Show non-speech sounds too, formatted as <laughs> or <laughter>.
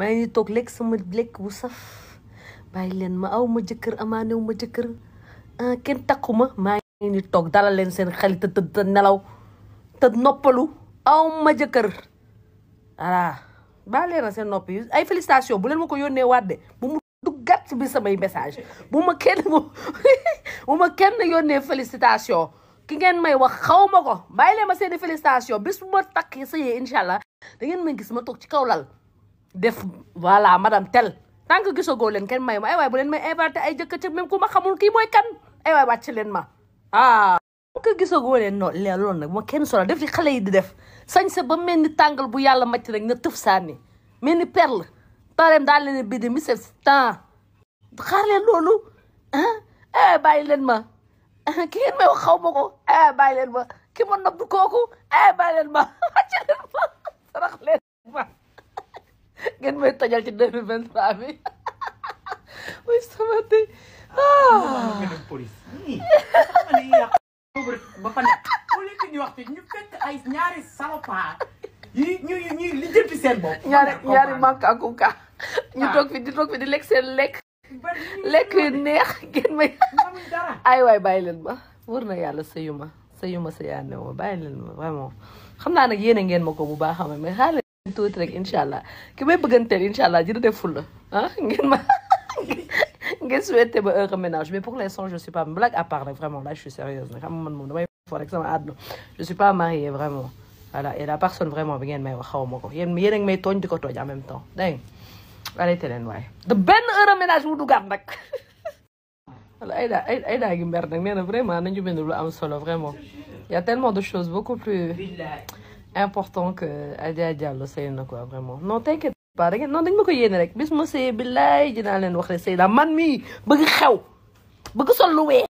maa ngi toog lekk sama lekk bu saf bàyyi leen ma aw ma jëkkër wu ma jëkkër ah kenn takku ma maa ngi toog dalal leen seen xel te nelaw te noppalu aw ma jëkkër voilà baa leen na seen noppi ay félicitation bu leen ma ko yónnee waat de bu mu duggat ci biir samay message bu ma kenn <laughs> bu ma kenn yónnee félicitation ki ngeen may wax xaw ma ko bàyyi leen ma seen i félicitation bis bu ma takk sa yee incha allah da ngeen may gis ma toog ci kaw lal def voilà madame tel tant que gisagoo leen kenn may ma ay eh waay bu leen may invité ay jëkk ci même ku ma xamul kii mooy kan ay eh waay wàcc leen ma ah tant que gisagoo leen non loolu nag ma kenn solo def di xale yi di def sañ sa ba mel ni tàngal bu yàlla macc rek na tëf saani mel ni perle tareem daal leen bidi mi se temps xaar leen loolu ah, eh, ah ay bàyyi leen ma ki ngeen may wax ko ay waay ma ki ma nopp kooku ay waay leen ma <laughs> wàcc ma <laughs> sarax leen ngeen may tojal ci deux mille vingt trois bi mooy sama tey ba fa nekk au lieu que ñu wax ñu fekk ay ñaari salopard yi ñuy ñuy lijjanti seen bopp. ñaari ñaari manque ak kuka ñu toog fi di toog fi di lekk seen lekk. lekk yu neex ngeen may. ay waay bàyyi leen ma wër na yàlla sëyu ma sëyu ma sëyaane ma bàyyi leen ma vraiment xam naa nag yéene ngeen ma ko bu baax a mais xaaral. tout rek inshallah allah ki may bëgganteel incha de dina def fulla ah <laughs> ngeen ma ngeen souhaité ba heure ménage mais pour l'instant je suis pas blague à part vraiment là je suis sérieuse nag xam man moom damay fo je suis pas mariée vraiment voilà et la personne vraiment bi ngeen may wax xaw a ngi may tooñ di ko en même temps dégg nga arrêté leen de ben heure ménage wu dugaat nag voilà ay daa ay daa mais vraiment nañu bind lu am solo vraiment y a tellement de choses beaucoup plus important que Adia Diallo sëy quoi vraiment non t'inquiète pas non dañ pas yéné rek bis ma billahi dina len wax man mi. bëgg xew bëgg sol